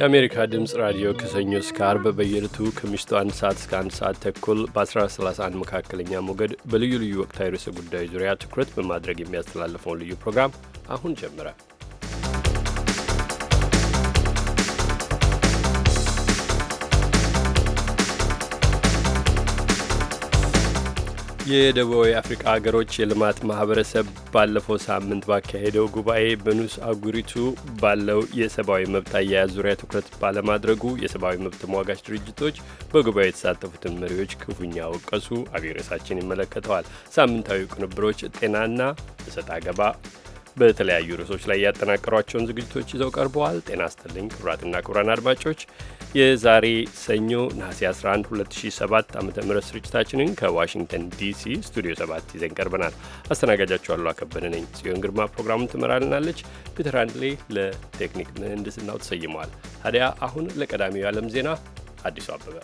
የአሜሪካ ድምፅ ራዲዮ ከሰኞ እስከ አርብ በየዕለቱ ከምሽቱ አንድ ሰዓት እስከ አንድ ሰዓት ተኩል በ1431 መካከለኛ ሞገድ በልዩ ልዩ ወቅታዊ ርዕሰ ጉዳዮች ዙሪያ ትኩረት በማድረግ የሚያስተላልፈውን ልዩ ፕሮግራም አሁን ጀምረ የደቡባዊ አፍሪካ ሀገሮች የልማት ማህበረሰብ ባለፈው ሳምንት ባካሄደው ጉባኤ በኑስ አጉሪቱ ባለው የሰብአዊ መብት አያያዝ ዙሪያ ትኩረት ባለማድረጉ የሰብአዊ መብት ተሟጋች ድርጅቶች በጉባኤ የተሳተፉትን መሪዎች ክፉኛ ወቀሱ። አብይ ርዕሳችን ይመለከተዋል። ሳምንታዊ ቅንብሮች፣ ጤናና እሰጥ አገባ በተለያዩ ርዕሶች ላይ ያጠናቀሯቸውን ዝግጅቶች ይዘው ቀርበዋል። ጤና ይስጥልኝ ክቡራትና ክቡራን አድማጮች የዛሬ ሰኞ ነሐሴ 11 2007 ዓ ም ስርጭታችንን ከዋሽንግተን ዲሲ ስቱዲዮ 7 ይዘን ቀርበናል። አስተናጋጃችሁ አሉ አከበደ ነኝ። ጽዮን ግርማ ፕሮግራሙን ትመራልናለች። ፒተር አንድሌ ለቴክኒክ ምህንድስናው ተሰይመዋል። ታዲያ አሁን ለቀዳሚው የዓለም ዜና አዲሱ አበበ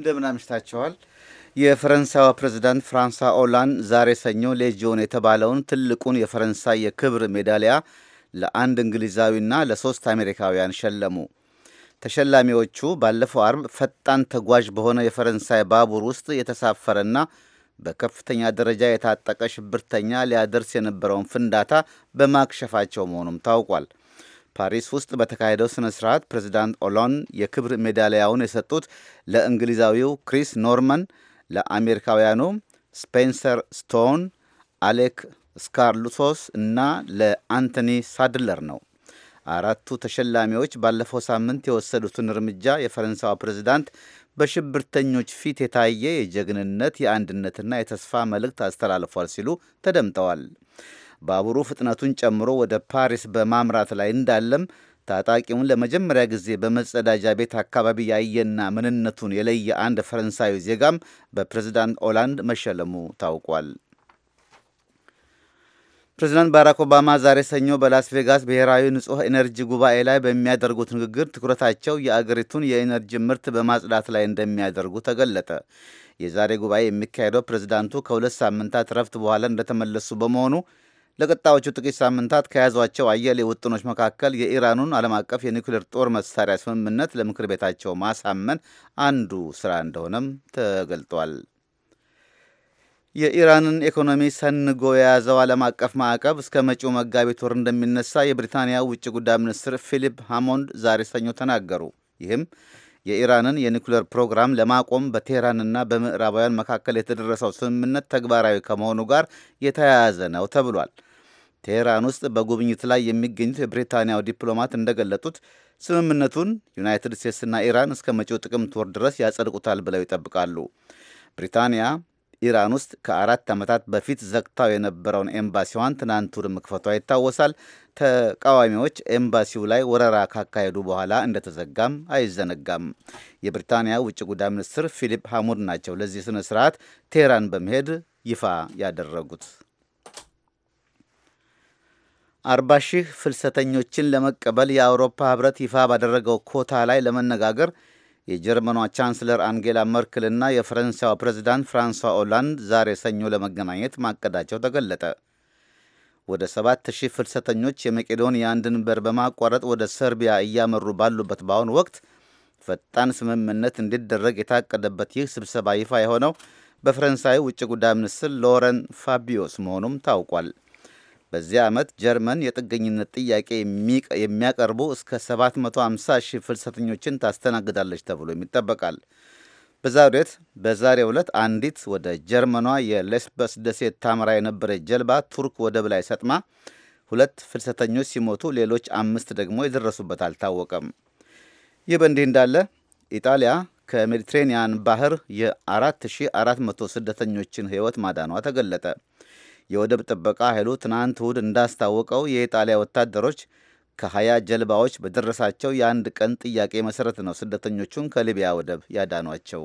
እንደምን አምሽታችኋል። የፈረንሳዩ ፕሬዝዳንት ፍራንሷ ኦላንድ ዛሬ ሰኞ ሌጂዮን የተባለውን ትልቁን የፈረንሳይ የክብር ሜዳሊያ ለአንድ እንግሊዛዊና ለሶስት አሜሪካውያን ሸለሙ። ተሸላሚዎቹ ባለፈው አርብ ፈጣን ተጓዥ በሆነ የፈረንሳይ ባቡር ውስጥ የተሳፈረና በከፍተኛ ደረጃ የታጠቀ ሽብርተኛ ሊያደርስ የነበረውን ፍንዳታ በማክሸፋቸው መሆኑም ታውቋል። ፓሪስ ውስጥ በተካሄደው ስነ ስርዓት ፕሬዚዳንት ኦሎን የክብር ሜዳሊያውን የሰጡት ለእንግሊዛዊው ክሪስ ኖርማን ለአሜሪካውያኑ ስፔንሰር ስቶን፣ አሌክ ስካርሉሶስ እና ለአንቶኒ ሳድለር ነው። አራቱ ተሸላሚዎች ባለፈው ሳምንት የወሰዱትን እርምጃ የፈረንሳዊ ፕሬዚዳንት በሽብርተኞች ፊት የታየ የጀግንነት የአንድነትና የተስፋ መልእክት አስተላልፏል ሲሉ ተደምጠዋል። ባቡሩ ፍጥነቱን ጨምሮ ወደ ፓሪስ በማምራት ላይ እንዳለም ታጣቂውን ለመጀመሪያ ጊዜ በመጸዳጃ ቤት አካባቢ ያየና ምንነቱን የለየ አንድ ፈረንሳዊ ዜጋም በፕሬዝዳንት ኦላንድ መሸለሙ ታውቋል። ፕሬዚዳንት ባራክ ኦባማ ዛሬ ሰኞ በላስ ቬጋስ ብሔራዊ ንጹህ ኤነርጂ ጉባኤ ላይ በሚያደርጉት ንግግር ትኩረታቸው የአገሪቱን የኤነርጂ ምርት በማጽዳት ላይ እንደሚያደርጉ ተገለጠ። የዛሬ ጉባኤ የሚካሄደው ፕሬዝዳንቱ ከሁለት ሳምንታት ረፍት በኋላ እንደተመለሱ በመሆኑ ለቀጣዮቹ ጥቂት ሳምንታት ከያዟቸው አያሌ ውጥኖች መካከል የኢራኑን ዓለም አቀፍ የኒውክሌር ጦር መሳሪያ ስምምነት ለምክር ቤታቸው ማሳመን አንዱ ስራ እንደሆነም ተገልጧል። የኢራንን ኢኮኖሚ ሰንጎ የያዘው ዓለም አቀፍ ማዕቀብ እስከ መጪው መጋቢት ወር እንደሚነሳ የብሪታንያ ውጭ ጉዳይ ሚኒስትር ፊሊፕ ሃሞንድ ዛሬ ሰኞ ተናገሩ። ይህም የኢራንን የኒኩሌር ፕሮግራም ለማቆም በቴህራንና በምዕራባውያን መካከል የተደረሰው ስምምነት ተግባራዊ ከመሆኑ ጋር የተያያዘ ነው ተብሏል። ቴህራን ውስጥ በጉብኝት ላይ የሚገኙት የብሪታንያው ዲፕሎማት እንደገለጡት ስምምነቱን ዩናይትድ ስቴትስና ኢራን እስከ መጪው ጥቅምት ወር ድረስ ያጸድቁታል ብለው ይጠብቃሉ። ብሪታንያ ኢራን ውስጥ ከአራት ዓመታት በፊት ዘግታው የነበረውን ኤምባሲዋን ትናንት እሁድ መክፈቷ ይታወሳል። ተቃዋሚዎች ኤምባሲው ላይ ወረራ ካካሄዱ በኋላ እንደተዘጋም አይዘነጋም። የብሪታንያ ውጭ ጉዳይ ሚኒስትር ፊሊፕ ሐሙድ ናቸው ለዚህ ስነ ስርዓት ቴህራን በመሄድ ይፋ ያደረጉት። አርባ ሺህ ፍልሰተኞችን ለመቀበል የአውሮፓ ህብረት ይፋ ባደረገው ኮታ ላይ ለመነጋገር የጀርመኗ ቻንስለር አንጌላ መርክልና የፈረንሳዩ ፕሬዚዳንት ፍራንሷ ኦላንድ ዛሬ ሰኞ ለመገናኘት ማቀዳቸው ተገለጠ። ወደ ሰባት ሺህ ፍልሰተኞች የመቄዶንያን ድንበር በማቋረጥ ወደ ሰርቢያ እያመሩ ባሉበት በአሁኑ ወቅት ፈጣን ስምምነት እንዲደረግ የታቀደበት ይህ ስብሰባ ይፋ የሆነው በፈረንሳይ ውጭ ጉዳይ ሚኒስትር ሎረን ፋቢዮስ መሆኑም ታውቋል። በዚያ ዓመት ጀርመን የጥገኝነት ጥያቄ የሚያቀርቡ እስከ 750 ሺህ ፍልሰተኞችን ታስተናግዳለች ተብሎ ይጠበቃል። በዛሬው ዕለት አንዲት ወደ ጀርመኗ የሌስበስ ደሴት ታምራ የነበረች ጀልባ ቱርክ ወደብ ላይ ሰጥማ ሁለት ፍልሰተኞች ሲሞቱ ሌሎች አምስት ደግሞ የደረሱበት አልታወቀም። ይህ በእንዲህ እንዳለ ኢጣሊያ ከሜዲትሬንያን ባህር የ4400 ስደተኞችን ሕይወት ማዳኗ ተገለጠ። የወደብ ጥበቃ ኃይሉ ትናንት እሁድ እንዳስታወቀው የኢጣሊያ ወታደሮች ከሀያ ጀልባዎች በደረሳቸው የአንድ ቀን ጥያቄ መሰረት ነው ስደተኞቹን ከሊቢያ ወደብ ያዳኗቸው።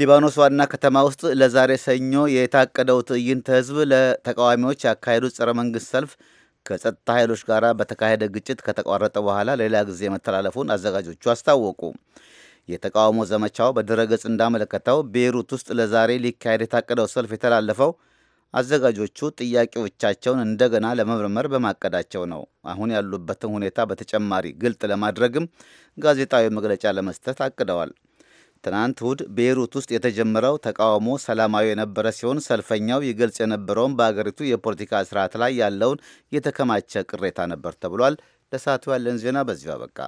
ሊባኖስ ዋና ከተማ ውስጥ ለዛሬ ሰኞ የታቀደው ትዕይንተ ህዝብ ለተቃዋሚዎች ያካሄዱት ጸረ መንግስት ሰልፍ ከጸጥታ ኃይሎች ጋር በተካሄደ ግጭት ከተቋረጠ በኋላ ሌላ ጊዜ መተላለፉን አዘጋጆቹ አስታወቁ። የተቃውሞ ዘመቻው በድረገጽ እንዳመለከተው ቤይሩት ውስጥ ለዛሬ ሊካሄድ የታቀደው ሰልፍ የተላለፈው አዘጋጆቹ ጥያቄዎቻቸውን እንደገና ለመመርመር በማቀዳቸው ነው። አሁን ያሉበትን ሁኔታ በተጨማሪ ግልጥ ለማድረግም ጋዜጣዊ መግለጫ ለመስጠት አቅደዋል። ትናንት እሁድ ቤይሩት ውስጥ የተጀመረው ተቃውሞ ሰላማዊ የነበረ ሲሆን ሰልፈኛው ይገልጽ የነበረውን በአገሪቱ የፖለቲካ ስርዓት ላይ ያለውን የተከማቸ ቅሬታ ነበር ተብሏል። ለሰዓቱ ያለን ዜና በዚሁ አበቃ።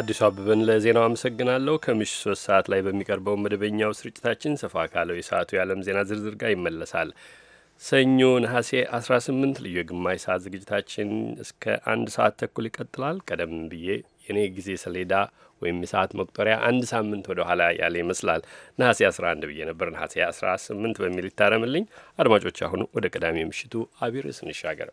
አዲሱ አበበን ለዜናው አመሰግናለሁ። ከምሽቱ ሶስት ሰዓት ላይ በሚቀርበው መደበኛው ስርጭታችን ሰፋ ካለው የሰዓቱ የዓለም ዜና ዝርዝር ጋር ይመለሳል። ሰኞ ነሐሴ 18 ልዩ የግማሽ ሰዓት ዝግጅታችን እስከ አንድ ሰዓት ተኩል ይቀጥላል። ቀደም ብዬ የኔ ጊዜ ሰሌዳ ወይም የሰዓት መቁጠሪያ አንድ ሳምንት ወደ ኋላ ያለ ይመስላል። ነሐሴ 11 ብዬ ነበር፣ ነሐሴ 18 በሚል ይታረምልኝ። አድማጮች፣ አሁኑ ወደ ቀዳሚ ምሽቱ አቢርስ ርዕስ እንሻገር።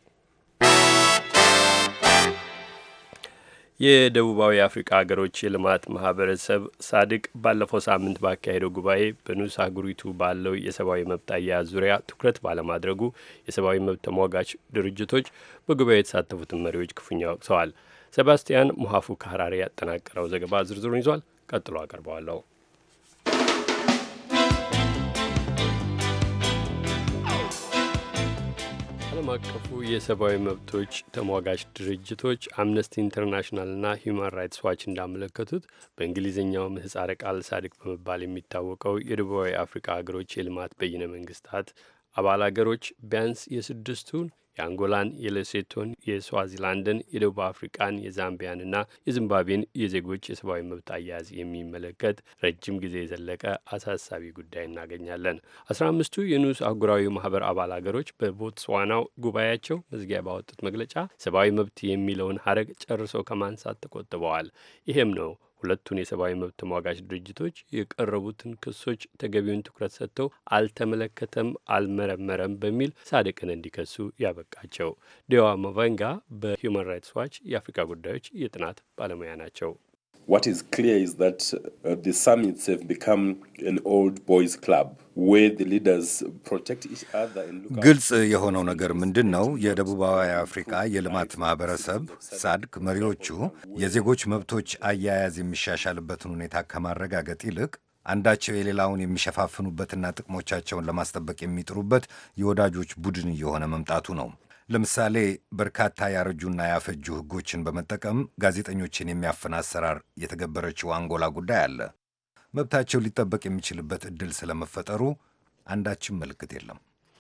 የደቡባዊ አፍሪካ ሀገሮች የልማት ማህበረሰብ ሳድቅ ባለፈው ሳምንት ባካሄደው ጉባኤ በንዑስ አህጉሪቱ ባለው የሰብአዊ መብት አያያዝ ዙሪያ ትኩረት ባለማድረጉ የሰብአዊ መብት ተሟጋች ድርጅቶች በጉባኤ የተሳተፉትን መሪዎች ክፉኛ ወቅሰዋል። ሴባስቲያን ሙሀፉ ከሀራሪ ያጠናቀረው ዘገባ ዝርዝሩን ይዟል። ቀጥሎ አቀርበዋለሁ። ዓለም አቀፉ የሰብአዊ መብቶች ተሟጋች ድርጅቶች አምነስቲ ኢንተርናሽናልና ሂዩማን ራይትስ ዋች እንዳመለከቱት በእንግሊዝኛው ምህጻረ ቃል ሳድቅ በመባል የሚታወቀው የደቡባዊ አፍሪካ አገሮች የልማት በይነ መንግስታት አባል አገሮች ቢያንስ የስድስቱን የአንጎላን፣ የሌሴቶን፣ የስዋዚላንድን፣ የደቡብ አፍሪቃን፣ የዛምቢያንና የዚምባብዌን የዜጎች የሰብአዊ መብት አያያዝ የሚመለከት ረጅም ጊዜ የዘለቀ አሳሳቢ ጉዳይ እናገኛለን። አስራ አምስቱ የንዑስ አህጉራዊ ማህበር አባል አገሮች በቦትስዋናው ጉባኤያቸው መዝጊያ ባወጡት መግለጫ ሰብአዊ መብት የሚለውን ሀረግ ጨርሶ ከማንሳት ተቆጥበዋል። ይሄም ነው ሁለቱን የሰብአዊ መብት ተሟጋች ድርጅቶች የቀረቡትን ክሶች ተገቢውን ትኩረት ሰጥተው አልተመለከተም፣ አልመረመረም በሚል ሳድቅን እንዲከሱ ያበቃቸው ዲዋ ሙቬንጋ በሂውማን ራይትስ ዋች የአፍሪካ ጉዳዮች የጥናት ባለሙያ ናቸው። What is clear is that uh, the summits have become an old boys club. ግልጽ የሆነው ነገር ምንድን ነው? የደቡባዊ አፍሪካ የልማት ማህበረሰብ ሳድክ መሪዎቹ የዜጎች መብቶች አያያዝ የሚሻሻልበትን ሁኔታ ከማረጋገጥ ይልቅ አንዳቸው የሌላውን የሚሸፋፍኑበትና ጥቅሞቻቸውን ለማስጠበቅ የሚጥሩበት የወዳጆች ቡድን እየሆነ መምጣቱ ነው። ለምሳሌ በርካታ ያረጁና ያፈጁ ሕጎችን በመጠቀም ጋዜጠኞችን የሚያፍን አሰራር የተገበረችው አንጎላ ጉዳይ አለ። መብታቸው ሊጠበቅ የሚችልበት ዕድል ስለመፈጠሩ አንዳችም ምልክት የለም።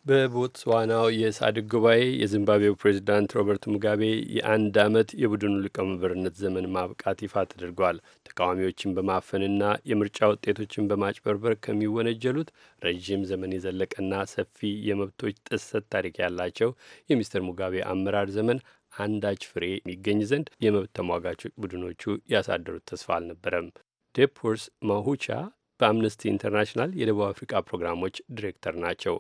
በቦትስዋናው የሳድቅ ጉባኤ የዚምባብዌው ፕሬዚዳንት ሮበርት ሙጋቤ የአንድ ዓመት የቡድኑ ሊቀመንበርነት ዘመን ማብቃት ይፋ ተደርጓል። ተቃዋሚዎችን በማፈንና የምርጫ ውጤቶችን በማጭበርበር ከሚወነጀሉት ረዥም ዘመን የዘለቀና ሰፊ የመብቶች ጥሰት ታሪክ ያላቸው የሚስተር ሙጋቤ አመራር ዘመን አንዳች ፍሬ የሚገኝ ዘንድ የመብት ተሟጋች ቡድኖቹ ያሳደሩት ተስፋ አልነበረም። ዴፖርስ ማሁቻ በአምነስቲ ኢንተርናሽናል የደቡብ አፍሪካ ፕሮግራሞች ዲሬክተር ናቸው።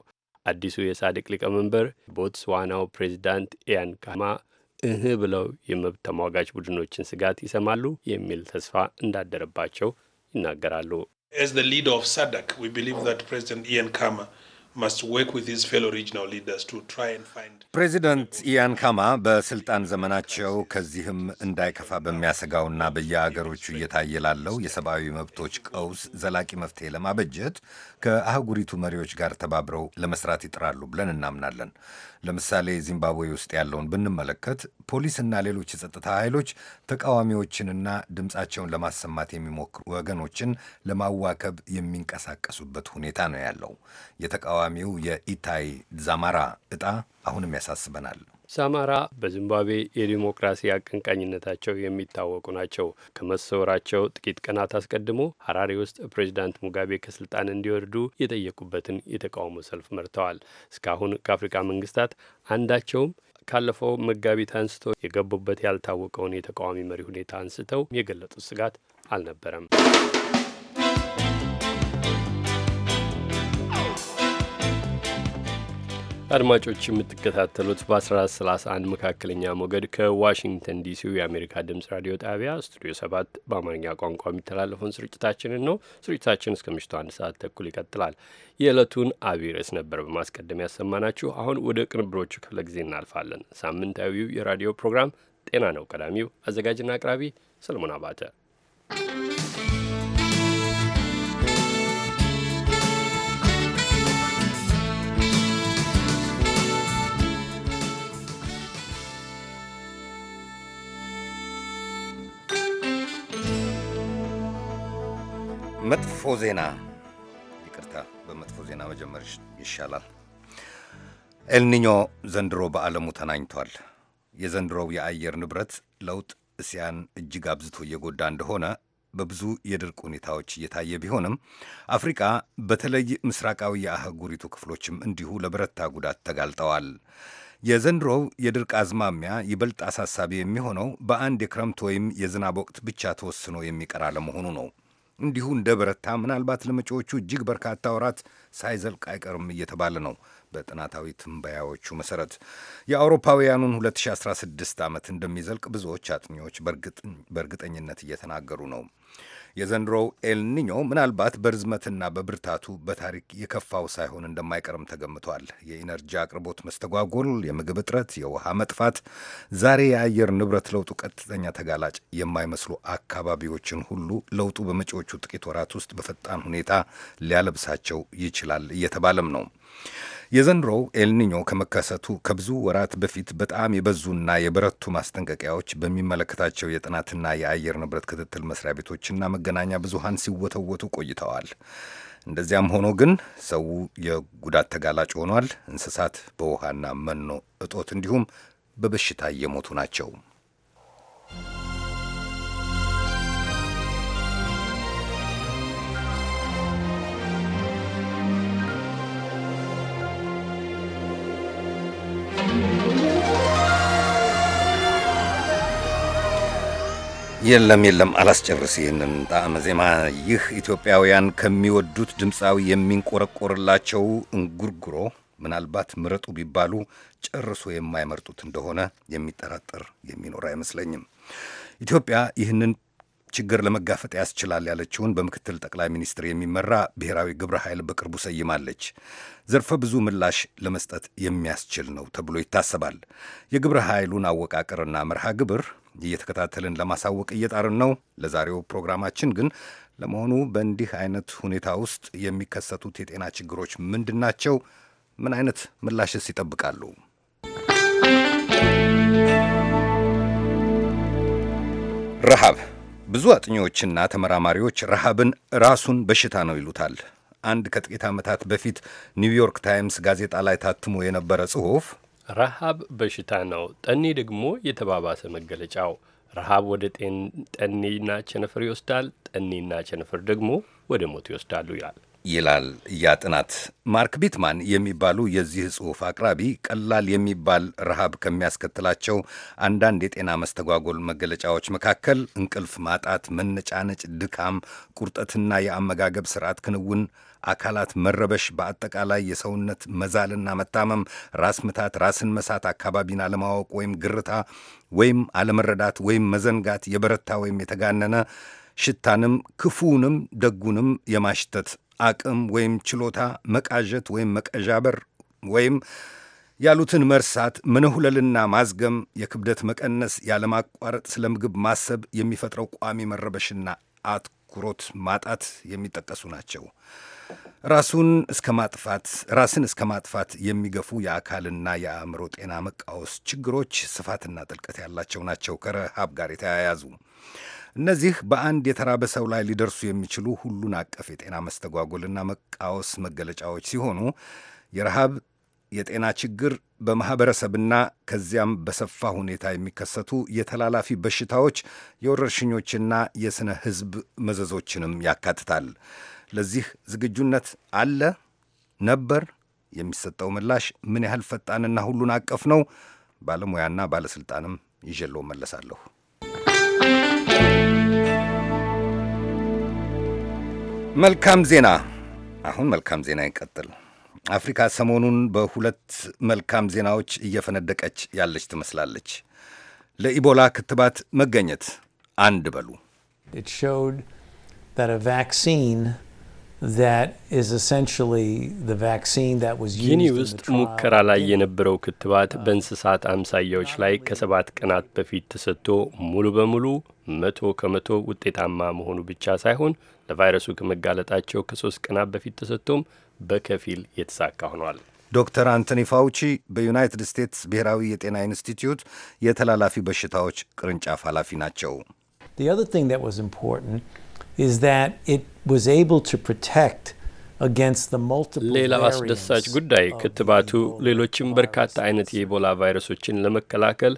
አዲሱ የሳድቅ ሊቀመንበር ቦትስዋናው ፕሬዚዳንት ኢያን ካማ እህ ብለው የመብት ተሟጋች ቡድኖችን ስጋት ይሰማሉ የሚል ተስፋ እንዳደረባቸው ይናገራሉ። ፕሬዚደንት ኢያን ካማ በስልጣን ዘመናቸው ከዚህም እንዳይከፋ በሚያሰጋውና በየአገሮቹ እየታየ ላለው የሰብአዊ መብቶች ቀውስ ዘላቂ መፍትሄ ለማበጀት ከአህጉሪቱ መሪዎች ጋር ተባብረው ለመስራት ይጥራሉ ብለን እናምናለን። ለምሳሌ ዚምባብዌ ውስጥ ያለውን ብንመለከት ፖሊስና ሌሎች የጸጥታ ኃይሎች ተቃዋሚዎችንና ድምፃቸውን ለማሰማት የሚሞክሩ ወገኖችን ለማዋከብ የሚንቀሳቀሱበት ሁኔታ ነው ያለው። የተቃዋሚው የኢታይ ዛማራ እጣ አሁንም ያሳስበናል። ሳማራ በዚምባብዌ የዲሞክራሲ አቀንቃኝነታቸው የሚታወቁ ናቸው። ከመሰወራቸው ጥቂት ቀናት አስቀድሞ ሀራሪ ውስጥ ፕሬዚዳንት ሙጋቤ ከስልጣን እንዲወርዱ የጠየቁበትን የተቃውሞ ሰልፍ መርተዋል። እስካሁን ከአፍሪካ መንግስታት አንዳቸውም ካለፈው መጋቢት አንስቶ የገቡበት ያልታወቀውን የተቃዋሚ መሪ ሁኔታ አንስተው የገለጡት ስጋት አልነበረም። አድማጮች የምትከታተሉት በ1431 መካከለኛ ሞገድ ከዋሽንግተን ዲሲው የአሜሪካ ድምፅ ራዲዮ ጣቢያ ስቱዲዮ 7 በአማርኛ ቋንቋ የሚተላለፈውን ስርጭታችንን ነው። ስርጭታችን እስከ ምሽቱ አንድ ሰዓት ተኩል ይቀጥላል። የዕለቱን አብይ ርዕስ ነበር በማስቀደም ያሰማናችሁ። አሁን ወደ ቅንብሮቹ ክፍለ ጊዜ እናልፋለን። ሳምንታዊው የራዲዮ ፕሮግራም ጤና ነው ቀዳሚው። አዘጋጅና አቅራቢ ሰለሞን አባተ በመጥፎ ዜና ይቅርታ፣ በመጥፎ ዜና መጀመር ይሻላል። ኤልኒኞ ዘንድሮ በዓለሙ ተናኝቷል። የዘንድሮው የአየር ንብረት ለውጥ እስያን እጅግ አብዝቶ እየጎዳ እንደሆነ በብዙ የድርቅ ሁኔታዎች እየታየ ቢሆንም አፍሪቃ በተለይ ምስራቃዊ የአህጉሪቱ ክፍሎችም እንዲሁ ለበረታ ጉዳት ተጋልጠዋል። የዘንድሮው የድርቅ አዝማሚያ ይበልጥ አሳሳቢ የሚሆነው በአንድ የክረምት ወይም የዝናብ ወቅት ብቻ ተወስኖ የሚቀር አለመሆኑ ነው። እንዲሁ እንደ በረታ ምናልባት ለመጪዎቹ እጅግ በርካታ ወራት ሳይዘልቅ አይቀርም እየተባለ ነው። በጥናታዊ ትንበያዎቹ መሰረት የአውሮፓውያኑን 2016 ዓመት እንደሚዘልቅ ብዙዎች አጥኚዎች በእርግጠኝነት እየተናገሩ ነው። የዘንድሮው ኤልኒኞ ምናልባት በርዝመትና በብርታቱ በታሪክ የከፋው ሳይሆን እንደማይቀርም ተገምቷል። የኢነርጂ አቅርቦት መስተጓጎል፣ የምግብ እጥረት፣ የውሃ መጥፋት ዛሬ የአየር ንብረት ለውጡ ቀጥተኛ ተጋላጭ የማይመስሉ አካባቢዎችን ሁሉ ለውጡ በመጪዎቹ ጥቂት ወራት ውስጥ በፈጣን ሁኔታ ሊያለብሳቸው ይችላል እየተባለም ነው። የዘንድሮው ኤልኒኞ ከመከሰቱ ከብዙ ወራት በፊት በጣም የበዙና የበረቱ ማስጠንቀቂያዎች በሚመለከታቸው የጥናትና የአየር ንብረት ክትትል መስሪያ ቤቶችና መገናኛ ብዙሃን ሲወተወቱ ቆይተዋል። እንደዚያም ሆኖ ግን ሰው የጉዳት ተጋላጭ ሆኗል። እንስሳት በውሃና መኖ እጦት እንዲሁም በበሽታ እየሞቱ ናቸው። የለም የለም፣ አላስጨርስ ይህንን ጣዕመ ዜማ። ይህ ኢትዮጵያውያን ከሚወዱት ድምፃዊ የሚንቆረቆርላቸው እንጉርጉሮ ምናልባት ምረጡ ቢባሉ ጨርሶ የማይመርጡት እንደሆነ የሚጠራጠር የሚኖር አይመስለኝም። ኢትዮጵያ ይህንን ችግር ለመጋፈጥ ያስችላል ያለችውን በምክትል ጠቅላይ ሚኒስትር የሚመራ ብሔራዊ ግብረ ኃይል በቅርቡ ሰይማለች። ዘርፈ ብዙ ምላሽ ለመስጠት የሚያስችል ነው ተብሎ ይታሰባል። የግብረ ኃይሉን አወቃቀርና መርሃ ግብር እየተከታተልን ለማሳወቅ እየጣርን ነው። ለዛሬው ፕሮግራማችን ግን ለመሆኑ በእንዲህ አይነት ሁኔታ ውስጥ የሚከሰቱት የጤና ችግሮች ምንድን ናቸው? ምን አይነት ምላሽስ ይጠብቃሉ? ረሃብ። ብዙ አጥኚዎችና ተመራማሪዎች ረሃብን ራሱን በሽታ ነው ይሉታል። አንድ ከጥቂት ዓመታት በፊት ኒውዮርክ ታይምስ ጋዜጣ ላይ ታትሞ የነበረ ጽሑፍ ረሃብ በሽታ ነው። ጠኔ ደግሞ የተባባሰ መገለጫው። ረሃብ ወደ ጠኔና ቸነፈር ይወስዳል። ጠኔና ቸነፈር ደግሞ ወደ ሞት ይወስዳሉ ይላል ይላል ያ ጥናት። ማርክ ቢትማን የሚባሉ የዚህ ጽሑፍ አቅራቢ ቀላል የሚባል ረሃብ ከሚያስከትላቸው አንዳንድ የጤና መስተጓጎል መገለጫዎች መካከል እንቅልፍ ማጣት፣ መነጫነጭ፣ ድካም፣ ቁርጠትና የአመጋገብ ስርዓት ክንውን አካላት መረበሽ፣ በአጠቃላይ የሰውነት መዛልና መታመም፣ ራስ ምታት፣ ራስን መሳት፣ አካባቢን አለማወቅ ወይም ግርታ ወይም አለመረዳት ወይም መዘንጋት፣ የበረታ ወይም የተጋነነ ሽታንም ክፉውንም ደጉንም የማሽተት አቅም ወይም ችሎታ፣ መቃዠት ወይም መቀዣበር ወይም ያሉትን መርሳት፣ መነሁለልና ማዝገም፣ የክብደት መቀነስ፣ ያለማቋረጥ ስለ ምግብ ማሰብ የሚፈጥረው ቋሚ መረበሽና አትኩሮት ማጣት የሚጠቀሱ ናቸው። ራሱን እስከ ማጥፋት ራስን እስከ ማጥፋት የሚገፉ የአካልና የአእምሮ ጤና መቃወስ ችግሮች ስፋትና ጥልቀት ያላቸው ናቸው ከረሃብ ጋር የተያያዙ እነዚህ በአንድ የተራበ ሰው ላይ ሊደርሱ የሚችሉ ሁሉን አቀፍ የጤና መስተጓጎልና መቃወስ መገለጫዎች ሲሆኑ የረሃብ የጤና ችግር በማኅበረሰብና ከዚያም በሰፋ ሁኔታ የሚከሰቱ የተላላፊ በሽታዎች የወረርሽኞችና የሥነ ሕዝብ መዘዞችንም ያካትታል። ለዚህ ዝግጁነት አለ ነበር? የሚሰጠው ምላሽ ምን ያህል ፈጣንና ሁሉን አቀፍ ነው? ባለሙያና ባለስልጣንም ይዤለው መለሳለሁ። መልካም ዜና። አሁን መልካም ዜና ይቀጥል። አፍሪካ ሰሞኑን በሁለት መልካም ዜናዎች እየፈነደቀች ያለች ትመስላለች። ለኢቦላ ክትባት መገኘት አንድ በሉ that is essentially the vaccine that was used ጊኒ ውስጥ ሙከራ ላይ የነበረው ክትባት በእንስሳት አምሳያዎች ላይ ከሰባት ቀናት በፊት ተሰጥቶ ሙሉ በሙሉ መቶ ከመቶ ውጤታማ መሆኑ ብቻ ሳይሆን ለቫይረሱ ከመጋለጣቸው ከሶስት ቀናት በፊት ተሰጥቶም በከፊል የተሳካ ሆኗል። ዶክተር አንቶኒ ፋውቺ በዩናይትድ ስቴትስ ብሔራዊ የጤና ኢንስቲትዩት የተላላፊ በሽታዎች ቅርንጫፍ ኃላፊ ናቸው። The other thing that was important is that it was able to protect ሌላው አስደሳች ጉዳይ ክትባቱ ሌሎችም በርካታ አይነት የኢቦላ ቫይረሶችን ለመከላከል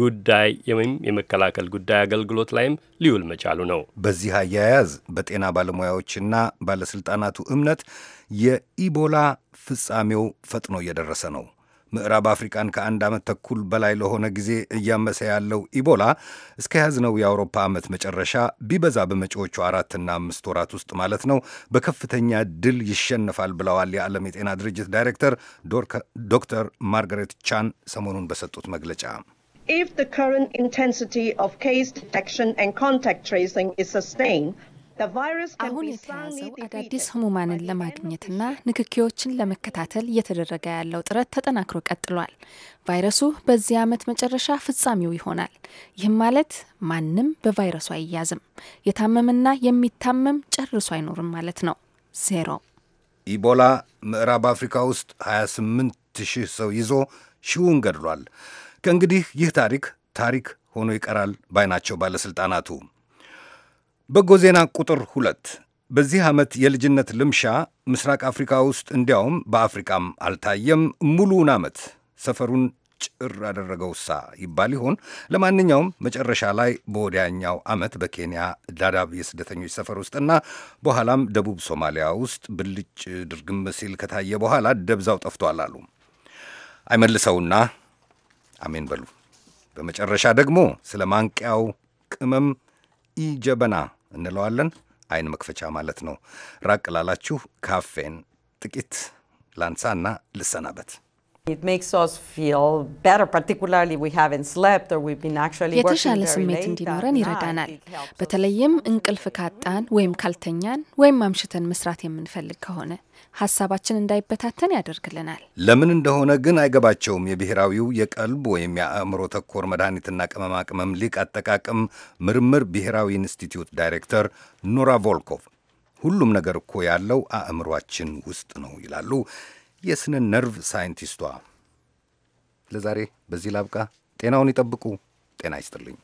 ጉዳይ ወይም የመከላከል ጉዳይ አገልግሎት ላይም ሊውል መቻሉ ነው። በዚህ አያያዝ በጤና ባለሙያዎችና ባለሥልጣናቱ እምነት የኢቦላ ፍጻሜው ፈጥኖ እየደረሰ ነው። ምዕራብ አፍሪቃን ከአንድ ዓመት ተኩል በላይ ለሆነ ጊዜ እያመሰ ያለው ኢቦላ እስከ ያዝነው የአውሮፓ ዓመት መጨረሻ ቢበዛ በመጪዎቹ አራትና አምስት ወራት ውስጥ ማለት ነው በከፍተኛ ድል ይሸነፋል ብለዋል የዓለም የጤና ድርጅት ዳይሬክተር ዶክተር ማርጋሬት ቻን ሰሞኑን በሰጡት መግለጫ። If the current intensity of case detection and contact tracing is sustained, አሁን የተያዘው አዳዲስ ህሙማንን ለማግኘትና ንክኪዎችን ለመከታተል እየተደረገ ያለው ጥረት ተጠናክሮ ቀጥሏል። ቫይረሱ በዚህ ዓመት መጨረሻ ፍጻሜው ይሆናል። ይህም ማለት ማንም በቫይረሱ አይያዝም፣ የታመምና የሚታመም ጨርሶ አይኖርም ማለት ነው። ዜሮ ኢቦላ ምዕራብ አፍሪካ ውስጥ 28 ሺህ ሰው ይዞ ሺውን ገድሏል። ከእንግዲህ ይህ ታሪክ ታሪክ ሆኖ ይቀራል ባይ ናቸው ባለሥልጣናቱ። በጎ ዜና ቁጥር ሁለት በዚህ ዓመት የልጅነት ልምሻ ምስራቅ አፍሪካ ውስጥ እንዲያውም በአፍሪካም አልታየም። ሙሉውን ዓመት ሰፈሩን ጭር ያደረገውሳ ይባል ይሆን? ለማንኛውም መጨረሻ ላይ በወዲያኛው ዓመት በኬንያ ዳዳብ የስደተኞች ሰፈር ውስጥና በኋላም ደቡብ ሶማሊያ ውስጥ ብልጭ ድርግም ሲል ከታየ በኋላ ደብዛው ጠፍቷል አሉ አይመልሰውና አሜን በሉ። በመጨረሻ ደግሞ ስለ ማንቂያው ቅመም ኢጀበና እንለዋለን። አይን መክፈቻ ማለት ነው። ራቅ ላላችሁ ካፌን ጥቂት ላንሳ እና ልሰናበት። የተሻለ ስሜት እንዲኖረን uh, ይረዳናል። በተለይም እንቅልፍ ካጣን ወይም ካልተኛን ወይም አምሽተን መስራት የምንፈልግ ከሆነ ሀሳባችን እንዳይበታተን ያደርግልናል። ለምን እንደሆነ ግን አይገባቸውም። የብሔራዊው የቀልብ ወይም የአእምሮ ተኮር መድኃኒትና ቅመማ ቅመም ሊቅ አጠቃቀም ምርምር ብሔራዊ ኢንስቲትዩት ዳይሬክተር ኖራ ቮልኮቭ ሁሉም ነገር እኮ ያለው አእምሯችን ውስጥ ነው ይላሉ የስነ ነርቭ ሳይንቲስቷ። ለዛሬ በዚህ ላብቃ። ጤናውን ይጠብቁ። ጤና ይስጥልኝ።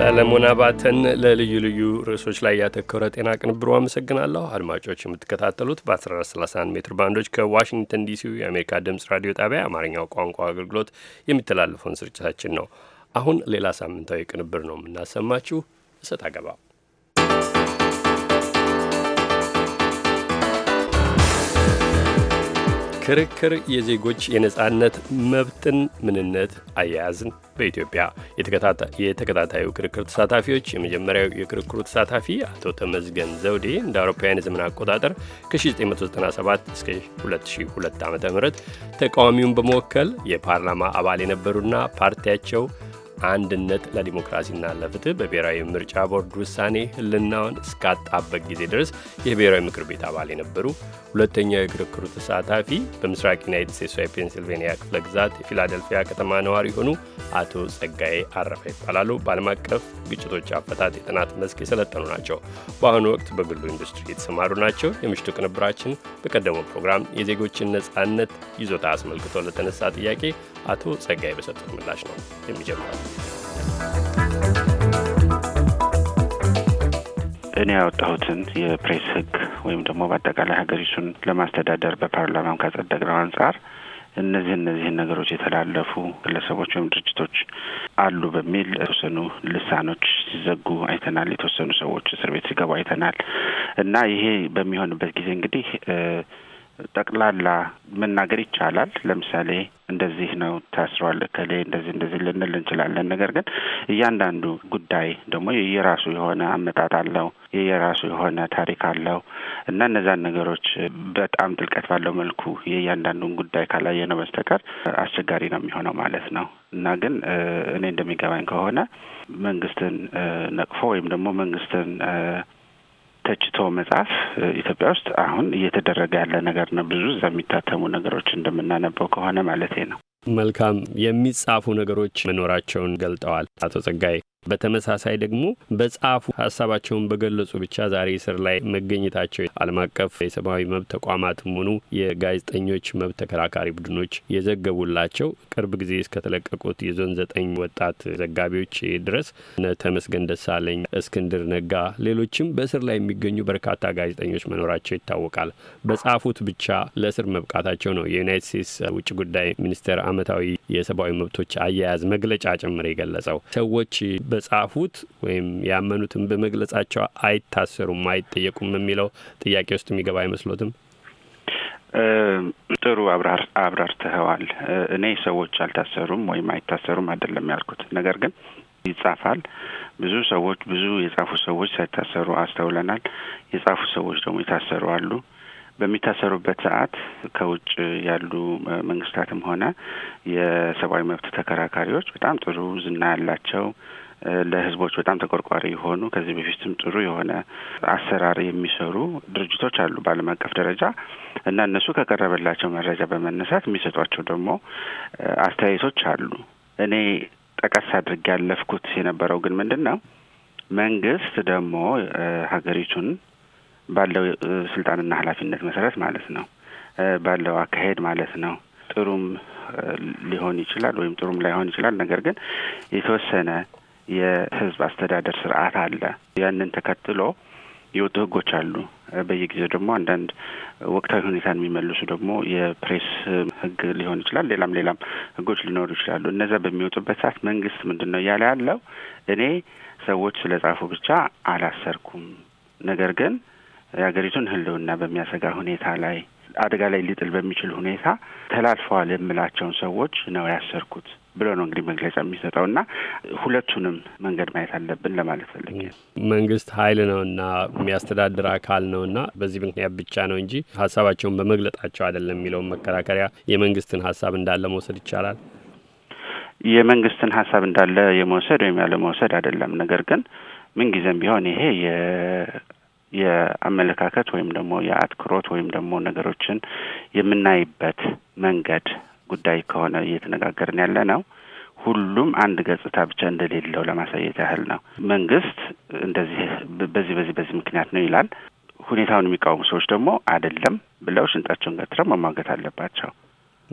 ሰለሞን አባተን ለልዩ ልዩ ርዕሶች ላይ ያተኮረ ጤና ቅንብሮ አመሰግናለሁ። አድማጮች የምትከታተሉት በ1431 ሜትር ባንዶች ከዋሽንግተን ዲሲው የአሜሪካ ድምፅ ራዲዮ ጣቢያ አማርኛው ቋንቋ አገልግሎት የሚተላለፈውን ስርጭታችን ነው። አሁን ሌላ ሳምንታዊ ቅንብር ነው የምናሰማችሁ። እሰጥ አገባው ክርክር የዜጎች የነጻነት መብትን ምንነት አያያዝን በኢትዮጵያ የተከታታዩ ክርክር ተሳታፊዎች የመጀመሪያው የክርክሩ ተሳታፊ አቶ ተመዝገን ዘውዴ እንደ አውሮፓውያን የዘመን አቆጣጠር ከ1997 እስከ 2002 ዓ ም ተቃዋሚውን በመወከል የፓርላማ አባል የነበሩና ፓርቲያቸው አንድነት ለዲሞክራሲና ለፍትህ በብሔራዊ ምርጫ ቦርድ ውሳኔ ህልናውን እስካጣበቅ ጊዜ ድረስ የብሔራዊ ምክር ቤት አባል የነበሩ ሁለተኛው የክርክሩ ተሳታፊ በምስራቅ ዩናይትድ ስቴትስ የፔንሲልቬንያ ክፍለ ግዛት የፊላደልፊያ ከተማ ነዋሪ የሆኑ አቶ ጸጋዬ አረፈ ይባላሉ። በዓለም አቀፍ ግጭቶች አፈታት የጥናት መስክ የሰለጠኑ ናቸው። በአሁኑ ወቅት በግሉ ኢንዱስትሪ የተሰማሩ ናቸው። የምሽቱ ቅንብራችን በቀደመው ፕሮግራም የዜጎችን ነጻነት ይዞታ አስመልክቶ ለተነሳ ጥያቄ አቶ ጸጋይ በሰጡት ምላሽ ነው የሚጀምረው። እኔ ያወጣሁትን የፕሬስ ህግ ወይም ደግሞ በአጠቃላይ ሀገሪቱን ለማስተዳደር በፓርላማም ካጸደቅነው አንጻር እነዚህ እነዚህን ነገሮች የተላለፉ ግለሰቦች ወይም ድርጅቶች አሉ በሚል የተወሰኑ ልሳኖች ሲዘጉ አይተናል። የተወሰኑ ሰዎች እስር ቤት ሲገቡ አይተናል እና ይሄ በሚሆንበት ጊዜ እንግዲህ ጠቅላላ መናገር ይቻላል። ለምሳሌ እንደዚህ ነው ታስሯል፣ እከሌ እንደዚህ እንደዚህ ልንል እንችላለን። ነገር ግን እያንዳንዱ ጉዳይ ደግሞ የየራሱ የሆነ አመጣጥ አለው፣ የየራሱ የሆነ ታሪክ አለው እና እነዛን ነገሮች በጣም ጥልቀት ባለው መልኩ የእያንዳንዱን ጉዳይ ካላየ ነው በስተቀር አስቸጋሪ ነው የሚሆነው ማለት ነው እና ግን እኔ እንደሚገባኝ ከሆነ መንግስትን ነቅፎ ወይም ደግሞ መንግስትን ተችቶ መጽሐፍ ኢትዮጵያ ውስጥ አሁን እየተደረገ ያለ ነገር ነው። ብዙ እዛ የሚታተሙ ነገሮች እንደምናነበው ከሆነ ማለት ነው። መልካም የሚጻፉ ነገሮች መኖራቸውን ገልጠዋል አቶ ጸጋይ። በተመሳሳይ ደግሞ በጻፉ ሀሳባቸውን በገለጹ ብቻ ዛሬ ስር ላይ መገኘታቸው ዓለም አቀፍ የሰብአዊ መብት ተቋማትም ሆኑ የጋዜጠኞች መብት ተከራካሪ ቡድኖች የዘገቡላቸው ቅርብ ጊዜ እስከተለቀቁት የዞን ዘጠኝ ወጣት ዘጋቢዎች ድረስ እነ ተመስገን ደሳለኝ፣ እስክንድር ነጋ፣ ሌሎችም በእስር ላይ የሚገኙ በርካታ ጋዜጠኞች መኖራቸው ይታወቃል። በጻፉት ብቻ ለእስር መብቃታቸው ነው የዩናይት ስቴትስ ውጭ ጉዳይ ሚኒስቴር አመታዊ የሰብአዊ መብቶች አያያዝ መግለጫ ጭምር የገለጸው ሰዎች በጻፉት ወይም ያመኑትን በመግለጻቸው አይታሰሩም፣ አይጠየቁም የሚለው ጥያቄ ውስጥ የሚገባ አይመስሎትም? ጥሩ አብራርተኸዋል። እኔ ሰዎች አልታሰሩም ወይም አይታሰሩም አይደለም ያልኩት፣ ነገር ግን ይጻፋል። ብዙ ሰዎች ብዙ የጻፉ ሰዎች ሳይታሰሩ አስተውለናል። የጻፉ ሰዎች ደግሞ የታሰሩ አሉ። በሚታሰሩበት ሰዓት ከውጭ ያሉ መንግስታትም ሆነ የሰብአዊ መብት ተከራካሪዎች በጣም ጥሩ ዝና ያላቸው ለህዝቦች በጣም ተቆርቋሪ የሆኑ ከዚህ በፊትም ጥሩ የሆነ አሰራር የሚሰሩ ድርጅቶች አሉ በዓለም አቀፍ ደረጃ እና እነሱ ከቀረበላቸው መረጃ በመነሳት የሚሰጧቸው ደግሞ አስተያየቶች አሉ። እኔ ጠቀስ አድርጌ ያለፍኩት የነበረው ግን ምንድን ነው መንግስት ደግሞ ሀገሪቱን ባለው ስልጣንና ኃላፊነት መሰረት ማለት ነው ባለው አካሄድ ማለት ነው ጥሩም ሊሆን ይችላል ወይም ጥሩም ላይሆን ይችላል። ነገር ግን የተወሰነ የህዝብ አስተዳደር ስርዓት አለ። ያንን ተከትሎ የወጡ ህጎች አሉ። በየጊዜው ደግሞ አንዳንድ ወቅታዊ ሁኔታን የሚመልሱ ደግሞ የፕሬስ ህግ ሊሆን ይችላል። ሌላም ሌላም ህጎች ሊኖሩ ይችላሉ። እነዚያ በሚወጡበት ሰዓት መንግስት ምንድን ነው እያለ ያለው? እኔ ሰዎች ስለ ጻፉ ብቻ አላሰርኩም፣ ነገር ግን የሀገሪቱን ህልውና በሚያሰጋ ሁኔታ ላይ አደጋ ላይ ሊጥል በሚችል ሁኔታ ተላልፈዋል የምላቸውን ሰዎች ነው ያሰርኩት ብሎ ነው እንግዲህ መግለጫ የሚሰጠው እና ሁለቱንም መንገድ ማየት አለብን ለማለት ፈልጌ መንግስት ኃይል ነውና የሚያስተዳድር አካል ነውና በዚህ ምክንያት ብቻ ነው እንጂ ሀሳባቸውን በመግለጣቸው አይደለም የሚለውን መከራከሪያ የመንግስትን ሀሳብ እንዳለ መውሰድ ይቻላል። የመንግስትን ሀሳብ እንዳለ የመውሰድ ወይም ያለ መውሰድ አይደለም። ነገር ግን ምንጊዜም ቢሆን ይሄ የአመለካከት ወይም ደግሞ የአትክሮት ወይም ደግሞ ነገሮችን የምናይበት መንገድ ጉዳይ ከሆነ እየተነጋገርን ያለ ነው። ሁሉም አንድ ገጽታ ብቻ እንደሌለው ለማሳየት ያህል ነው። መንግስት እንደዚህ በዚህ በዚህ በዚህ ምክንያት ነው ይላል። ሁኔታውን የሚቃወሙ ሰዎች ደግሞ አይደለም ብለው ሽንጣቸውን ገትረው መሟገት አለባቸው።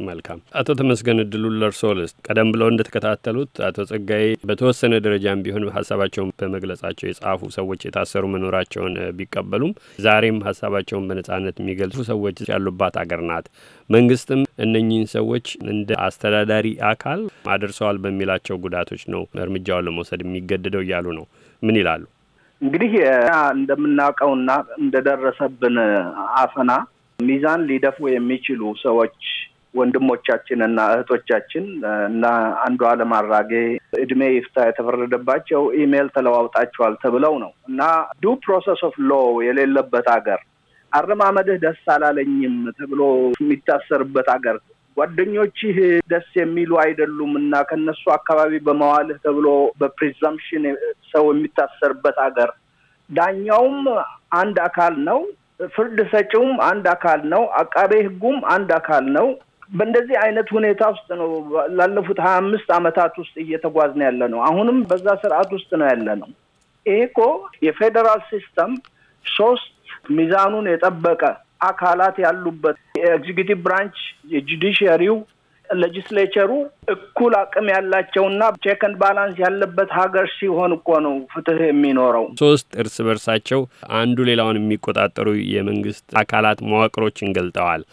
መልካም አቶ ተመስገን እድሉን ለርሶ ልስጥ። ቀደም ብለው እንደተከታተሉት አቶ ጸጋዬ በተወሰነ ደረጃም ቢሆን ሀሳባቸውን በመግለጻቸው የጻፉ ሰዎች የታሰሩ መኖራቸውን ቢቀበሉም ዛሬም ሀሳባቸውን በነጻነት የሚገልጹ ሰዎች ያሉባት አገር ናት። መንግስትም እነኚህን ሰዎች እንደ አስተዳዳሪ አካል አድርሰዋል በሚላቸው ጉዳቶች ነው እርምጃውን ለመውሰድ የሚገደደው እያሉ ነው። ምን ይላሉ? እንግዲህ እንደምናውቀውና እንደደረሰብን አፈና ሚዛን ሊደፉ የሚችሉ ሰዎች ወንድሞቻችን እና እህቶቻችን እና አንዱ አለም አራጌ እድሜ ይፍታ የተፈረደባቸው ኢሜይል ተለዋውጣቸዋል ተብለው ነው እና ዱ ፕሮሰስ ኦፍ ሎ የሌለበት ሀገር አረማመድህ ደስ አላለኝም ተብሎ የሚታሰርበት ሀገር ጓደኞችህ ደስ የሚሉ አይደሉም እና ከነሱ አካባቢ በመዋልህ ተብሎ በፕሪዛምፕሽን ሰው የሚታሰርበት ሀገር ዳኛውም አንድ አካል ነው። ፍርድ ሰጪውም አንድ አካል ነው። አቃቤ ህጉም አንድ አካል ነው። በእንደዚህ አይነት ሁኔታ ውስጥ ነው ላለፉት ሀያ አምስት አመታት ውስጥ እየተጓዝን ያለ ነው። አሁንም በዛ ስርዓት ውስጥ ነው ያለ ነው። ይሄ እኮ የፌዴራል ሲስተም ሶስት ሚዛኑን የጠበቀ አካላት ያሉበት የኤግዚኪቲቭ ብራንች፣ የጁዲሽሪው፣ ሌጅስሌቸሩ እኩል አቅም ያላቸውና ቼክን ባላንስ ያለበት ሀገር ሲሆን እኮ ነው ፍትህ የሚኖረው። ሶስት እርስ በርሳቸው አንዱ ሌላውን የሚቆጣጠሩ የመንግስት አካላት መዋቅሮችን ገልጠዋል።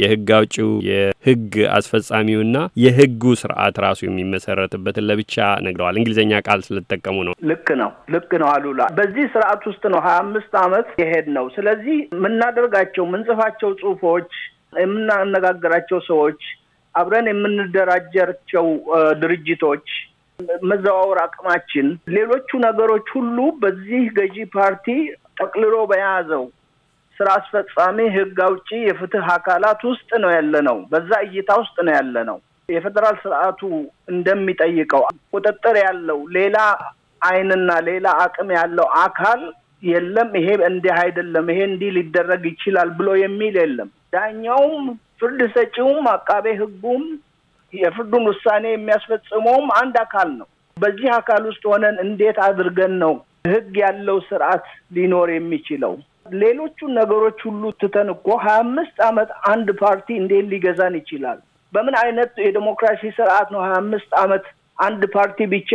የህግ አውጪው የህግ አስፈጻሚውና የህጉ ስርዓት ራሱ የሚመሰረትበትን ለብቻ ነግረዋል። እንግሊዝኛ ቃል ስለተጠቀሙ ነው። ልክ ነው፣ ልክ ነው አሉላ። በዚህ ስርዓት ውስጥ ነው ሀያ አምስት አመት የሄድ ነው። ስለዚህ የምናደርጋቸው የምንጽፋቸው ጽሁፎች፣ የምናነጋግራቸው ሰዎች፣ አብረን የምንደራጃቸው ድርጅቶች መዘዋወር አቅማችን ሌሎቹ ነገሮች ሁሉ በዚህ ገዢ ፓርቲ ጠቅልሎ በያዘው ስራ አስፈጻሚ፣ ህግ አውጪ፣ የፍትህ አካላት ውስጥ ነው ያለ ነው። በዛ እይታ ውስጥ ነው ያለ ነው። የፌዴራል ስርዓቱ እንደሚጠይቀው ቁጥጥር ያለው ሌላ አይንና ሌላ አቅም ያለው አካል የለም። ይሄ እንዲህ አይደለም፣ ይሄ እንዲህ ሊደረግ ይችላል ብሎ የሚል የለም። ዳኛውም፣ ፍርድ ሰጪውም፣ አቃቤ ህጉም የፍርዱን ውሳኔ የሚያስፈጽመውም አንድ አካል ነው። በዚህ አካል ውስጥ ሆነን እንዴት አድርገን ነው ህግ ያለው ስርዓት ሊኖር የሚችለው? ሌሎቹን ነገሮች ሁሉ ትተን እኮ ሀያ አምስት ዓመት አንድ ፓርቲ እንዴት ሊገዛን ይችላል? በምን አይነት የዴሞክራሲ ስርዓት ነው ሀያ አምስት ዓመት አንድ ፓርቲ ብቻ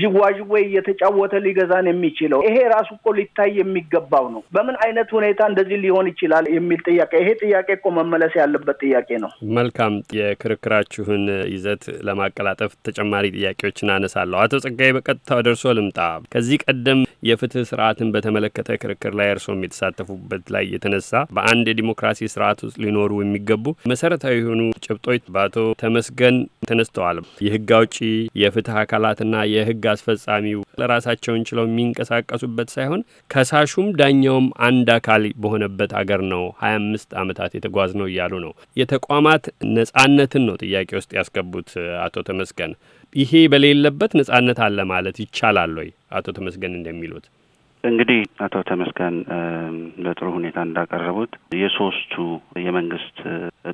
ጅዋዥዌ እየተጫወተ ሊገዛን የሚችለው ይሄ ራሱ እኮ ሊታይ የሚገባው ነው። በምን አይነት ሁኔታ እንደዚህ ሊሆን ይችላል የሚል ጥያቄ ይሄ ጥያቄ እኮ መመለስ ያለበት ጥያቄ ነው። መልካም፣ የክርክራችሁን ይዘት ለማቀላጠፍ ተጨማሪ ጥያቄዎችን አነሳለሁ። አቶ ጸጋዬ በቀጥታ ደርሶ ልምጣ። ከዚህ ቀደም የፍትህ ስርዓትን በተመለከተ ክርክር ላይ እርሶም የተሳተፉበት ላይ የተነሳ በአንድ የዲሞክራሲ ስርዓት ውስጥ ሊኖሩ የሚገቡ መሰረታዊ የሆኑ ጭብጦች በአቶ ተመስገን ተነስተዋል። የህግ አውጪ የፍትህ አካላትና የህግ አስፈጻሚው ለራሳቸውን ችለው የሚንቀሳቀሱበት ሳይሆን ከሳሹም ዳኛውም አንድ አካል በሆነበት አገር ነው ሀያ አምስት ዓመታት የተጓዝ ነው እያሉ ነው። የተቋማት ነጻነትን ነው ጥያቄ ውስጥ ያስገቡት አቶ ተመስገን። ይሄ በሌለበት ነጻነት አለ ማለት ይቻላል ወይ? አቶ ተመስገን እንደሚሉት እንግዲህ አቶ ተመስገን በጥሩ ሁኔታ እንዳቀረቡት የሶስቱ የመንግስት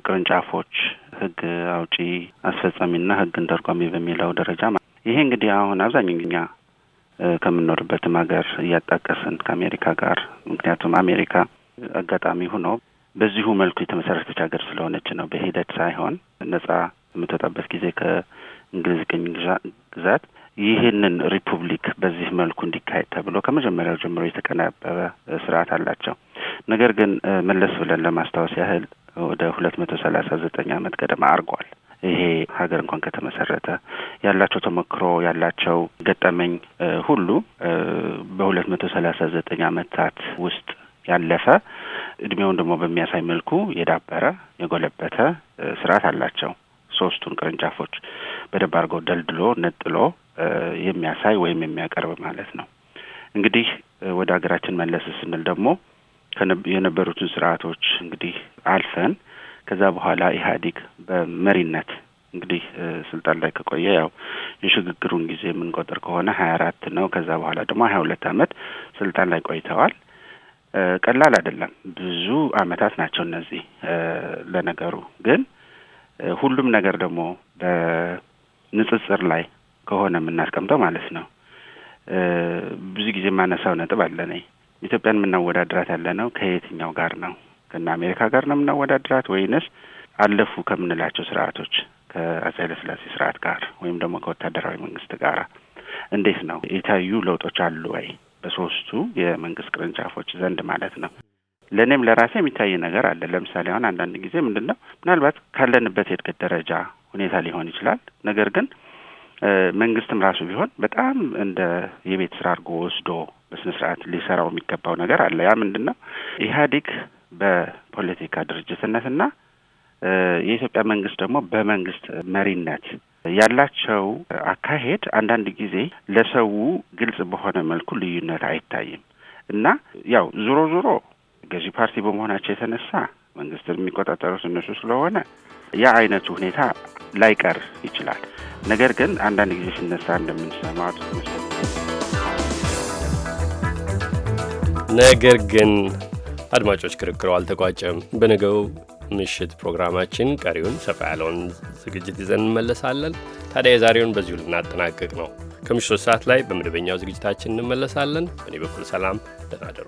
ቅርንጫፎች ህግ አውጪ፣ አስፈጻሚና ህግን ተርጓሚ በሚለው ደረጃ ይሄ እንግዲህ አሁን አብዛኛው እኛ ከምንኖርበትም ሀገር እያጣቀስን ከአሜሪካ ጋር ምክንያቱም አሜሪካ አጋጣሚ ሁኖ በዚሁ መልኩ የተመሰረተች ሀገር ስለሆነች ነው። በሂደት ሳይሆን ነጻ የምትወጣበት ጊዜ ከእንግሊዝ ቅኝ ግዛት ይህንን ሪፑብሊክ በዚህ መልኩ እንዲካሄድ ተብሎ ከመጀመሪያው ጀምሮ የተቀናበበ ስርዓት አላቸው። ነገር ግን መለስ ብለን ለማስታወስ ያህል ወደ ሁለት መቶ ሰላሳ ዘጠኝ ዓመት ገደማ አድርጓል። ይሄ ሀገር እንኳን ከተመሰረተ ያላቸው ተሞክሮ ያላቸው ገጠመኝ ሁሉ በሁለት መቶ ሰላሳ ዘጠኝ አመታት ውስጥ ያለፈ እድሜውን ደግሞ በሚያሳይ መልኩ የዳበረ የጎለበተ ስርዓት አላቸው። ሶስቱን ቅርንጫፎች በደንብ አድርገው ደልድሎ ነጥሎ የሚያሳይ ወይም የሚያቀርብ ማለት ነው። እንግዲህ ወደ ሀገራችን መለስ ስንል ደግሞ የነበሩትን ስርዓቶች እንግዲህ አልፈን ከዛ በኋላ ኢህአዴግ በመሪነት እንግዲህ ስልጣን ላይ ከቆየ ያው የሽግግሩን ጊዜ የምንቆጥር ከሆነ ሀያ አራት ነው። ከዛ በኋላ ደግሞ ሀያ ሁለት አመት ስልጣን ላይ ቆይተዋል። ቀላል አይደለም። ብዙ አመታት ናቸው እነዚህ። ለነገሩ ግን ሁሉም ነገር ደግሞ በንጽጽር ላይ ከሆነ የምናስቀምጠው ማለት ነው። ብዙ ጊዜ የማነሳው ነጥብ አለ ኢትዮጵያን የምናወዳድራት ያለ ነው ከየትኛው ጋር ነው? ከነ አሜሪካ ጋር ነው የምናወዳድራት ወይንስ አለፉ ከምንላቸው ስርዓቶች ከአፄ ለስላሴ ስርዓት ጋር ወይም ደግሞ ከወታደራዊ መንግስት ጋር እንዴት ነው የታዩ ለውጦች አሉ ወይ በሶስቱ የመንግስት ቅርንጫፎች ዘንድ ማለት ነው። ለእኔም ለራሴ የሚታይ ነገር አለ። ለምሳሌ አሁን አንዳንድ ጊዜ ምንድን ነው ምናልባት ካለንበት የእድገት ደረጃ ሁኔታ ሊሆን ይችላል ነገር ግን መንግስትም ራሱ ቢሆን በጣም እንደ የቤት ስራ አድርጎ ወስዶ በስነ ስርዓት ሊሰራው የሚገባው ነገር አለ። ያ ምንድን ነው? ኢህአዴግ በፖለቲካ ድርጅትነትና የኢትዮጵያ መንግስት ደግሞ በመንግስት መሪነት ያላቸው አካሄድ አንዳንድ ጊዜ ለሰው ግልጽ በሆነ መልኩ ልዩነት አይታይም እና ያው ዞሮ ዞሮ ገዢ ፓርቲ በመሆናቸው የተነሳ መንግስትን የሚቆጣጠሩት እነሱ ስለሆነ ያ አይነቱ ሁኔታ ላይቀር ይችላል። ነገር ግን አንዳንድ ጊዜ ሲነሳ እንደምንሰማው ነገር ግን አድማጮች ክርክሮ አልተቋጨም። በነገው ምሽት ፕሮግራማችን ቀሪውን ሰፋ ያለውን ዝግጅት ይዘን እንመለሳለን። ታዲያ የዛሬውን በዚሁ ልናጠናቅቅ ነው። ከምሽቱ ሰዓት ላይ በመደበኛው ዝግጅታችን እንመለሳለን። በእኔ በኩል ሰላም፣ ደህና እደሩ።